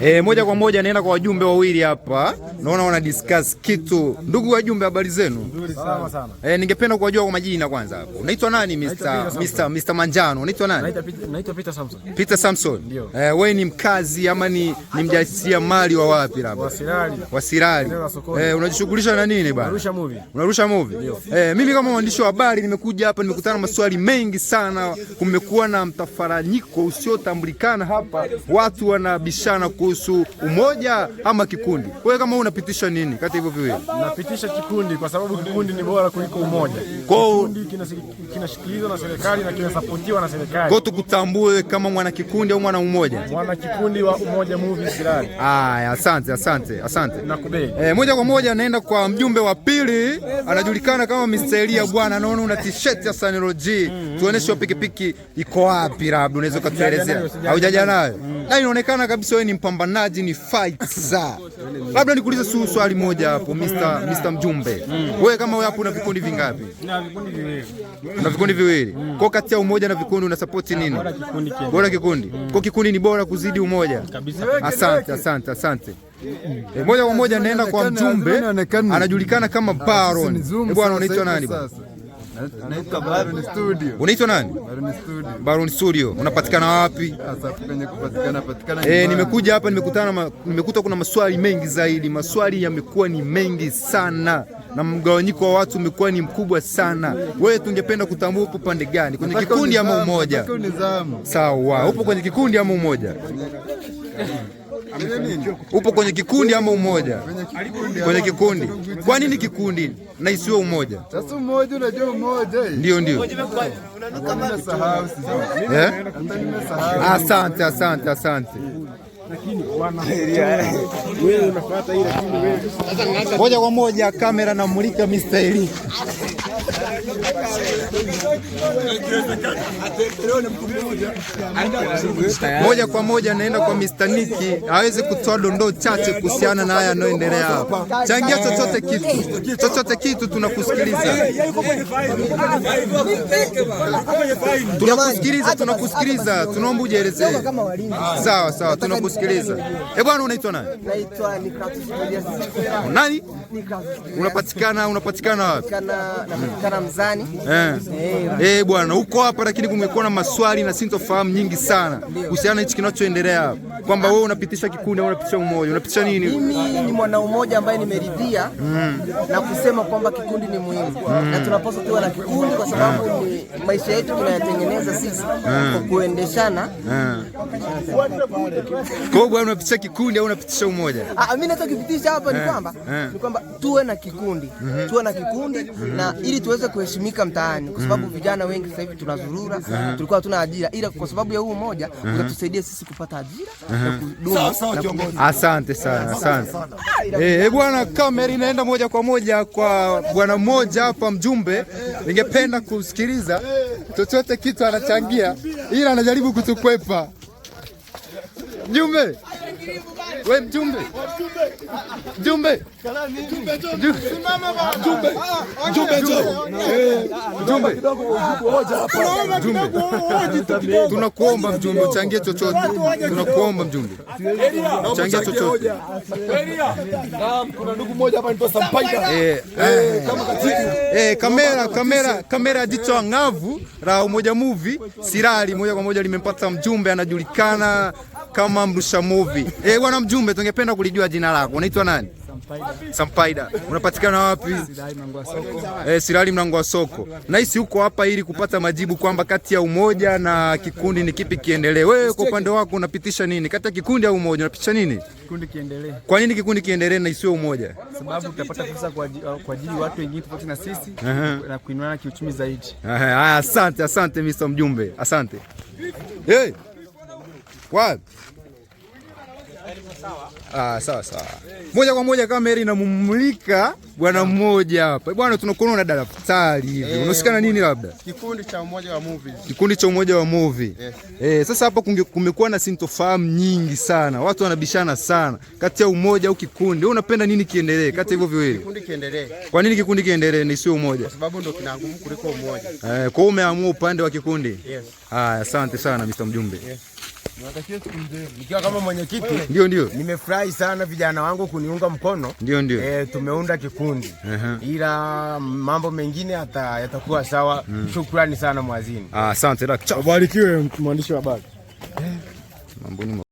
E, moja kwa moja naenda kwa wajumbe wawili hapa, naona wana discuss kitu. Ndugu wajumbe, habari zenu? Salama sana. E, ningependa kuwajua kwa majina kwanza. Hapo unaitwa nani? Mr. Mr. Mr. Manjano, unaitwa nani? Naitwa Peter Samson. Peter Samson. Eh, wewe ni mkazi ama ni ni mjasiria mali wa wapi labda? Wasirali. Wasirali. Eh, unajishughulisha na nini bwana? Unarusha movie. Unarusha movie. Eh, mimi kama mwandishi wa habari nimekuja hapa, nimekutana na maswali mengi sana. Kumekuwa na mtafaranyiko usiotambulikana hapa, watu wana kupitishana kuhusu umoja ama kikundi. Wewe kama unapitisha nini kati hivyo viwili? Napitisha kikundi kwa sababu kikundi ni bora kuliko umoja. Kwa Kikundi kinashikilizwa na serikali na kinasapotiwa na serikali. Kwa tukutambue kama mwana kikundi au mwana umoja. Mwana kikundi wa Umoja movie Ilala. Haya, asante, asante, asante. Nakubali. Eh, moja kwa moja naenda kwa mjumbe wa pili anajulikana kama Mr. Elia bwana, naona una t-shirt ya Sanology. Mm-hmm. Tuoneshe pikipiki iko wapi, labda unaweza kutuelezea. Haujaja nayo? na inaonekana kabisa wewe ni mpambanaji, ni fighter. Labda nikuulize su swali moja hapo, Mr. Mr. Mjumbe, mm. wewe kama wewe hapo una vikundi vingapi? Na vikundi viwili. Na vikundi viwili. Mm. Kwa kati ya umoja na vikundi una support ah, nini? Bora kikundi. Mm. Kwa kikundi ni bora kuzidi umoja. Kabisa. Asante, asante, asante. E, moja kwa moja naenda kwa Mjumbe, anajulikana kama ah, Baron. E, bwana unaitwa nani bwana? Baron Studio. Unaitwa nani? Baron Studio. Baron Studio. Unapatikana wapi? Sasa penye kupatikana patikana. Eh, nimekuja hapa nimekutana nimekuta kuna maswali mengi zaidi. Maswali yamekuwa ni mengi sana na mgawanyiko wa watu umekuwa ni mkubwa sana. Wewe tungependa kutambua upo pande gani? Kwenye kikundi ama umoja? Sawa. Upo kwenye kikundi ama umoja? Upo kwenye kikundi ama umoja? Kwenye kikundi. Kwa nini kikundi na isiwe umoja? Sasa umoja, unajua umoja. Ndio, ndio. Eh? Asante, asante, asante. Moja kwa moja kamera namulika Mr. Eli. Moja kwa moja naenda kwa Mr. Niki aweze kutoa dondoo chache kuhusiana na haya yanayoendelea hapa. Changia chochote kitu, chochote kitu, tunakusikiliza, tunakusikiliza, tunakusikiliza, tunaomba ujielezee. Sawa sawa, tunakusikiliza. Eh, bwana, unaitwa nani? Nani unapatikana, unapatikana wapi? Hmm tutakutana mzani eh. Eh, bwana uko hapa, lakini kumekuwa na maswali na sintofahamu nyingi sana kuhusiana na hichi kinachoendelea hapa, kwamba wewe unapitisha kikundi au unapitisha umoja, unapitisha nini? Mimi ni mwana umoja ambaye nimeridhia mm. na kusema kwamba kikundi ni muhimu mm. na tunapaswa tuwe na kikundi kwa sababu mm. maisha yetu tunayatengeneza sisi mm. kwa kuendeshana mm. kwa Kwa bwana, unapitisha kikundi au unapitisha umoja? Ah, mimi kupitisha hapa ni eh. kwamba eh. ni kwamba tuwe na kikundi mm-hmm. tuwe na kikundi mm-hmm. na ili tuweze kuheshimika mtaani, kwa sababu mm. vijana wengi sasa hivi tunazurura, mm. tulikuwa hatuna ajira, ila kwa sababu ya huu mmoja mm. utatusaidia sisi kupata ajira na kudumu. Asante sana, asante ah, eh bwana. Kamera inaenda moja kwa moja kwa bwana mmoja hapa mjumbe. Ningependa kusikiliza chochote kitu anachangia, ila anajaribu kutukwepa mjumbe We mjumbe, mjumbe, mjumbe, ah, ah, eh, tunakuomba mjumbe, uchangie tunakuomba mjumbe, changia chochote. Kuna ndugu mmoja hapa anaitwa Sampaida, eh, eh, kamera kamera kamera, jicho angavu la Umoja Movie sirali moja kwa moja limempata mjumbe, anajulikana kama mrusha movie. Eh, bwana mjumbe, tungependa kulijua jina lako. Unaitwa nani? Sampaida. Unapatikana wapi? Eh, Sirali mlango wa soko. Nahisi uko hapa ili kupata majibu kwamba kati ya umoja na kikundi ni kipi kiendelee. Wewe kwa upande wako unapitisha nini? Kati ya kikundi au umoja unapitisha nini? Kikundi kiendelee. Kwa nini kikundi kiendelee na isiwe umoja? Sababu tutapata fursa kwa uh, kwa ajili watu wengine tofauti na sisi na kuinua kiuchumi zaidi. Haya, asante, asante Mr. Mjumbe. Asante. Eh. Hey. Ah, sawa sawa. Moja kwa moja kamera inamumulika bwana mmoja hapa. Bwana, tunakuona na daftari hivi. Eh, na nini labda? Kikundi cha Umoja wa Movie. Kikundi cha Umoja wa Movie. Eh, eh, sasa hapa kumekuwa na sintofahamu nyingi sana. Watu wanabishana sana kati ya umoja au kikundi. Wewe unapenda nini kiendelee kati hivyo viwili? Kikundi kiendelee. Kwa nini kikundi kiendelee ni sio umoja? Kwa sababu ndio kinaangumu kuliko umoja. Eh, kwa hiyo umeamua upande wa kikundi? Yes. Ah, asante sana Mr. Mjumbe. Yes nikiwa kama mwenyekiti ndio ndio, nimefurahi sana vijana wangu kuniunga mkono ndio ndio. E, tumeunda kikundi uh -huh. Ila mambo mengine yatakuwa sawa mm. Shukrani sana mwazini, asante ah, barikiwe mwandishi wa habari eh.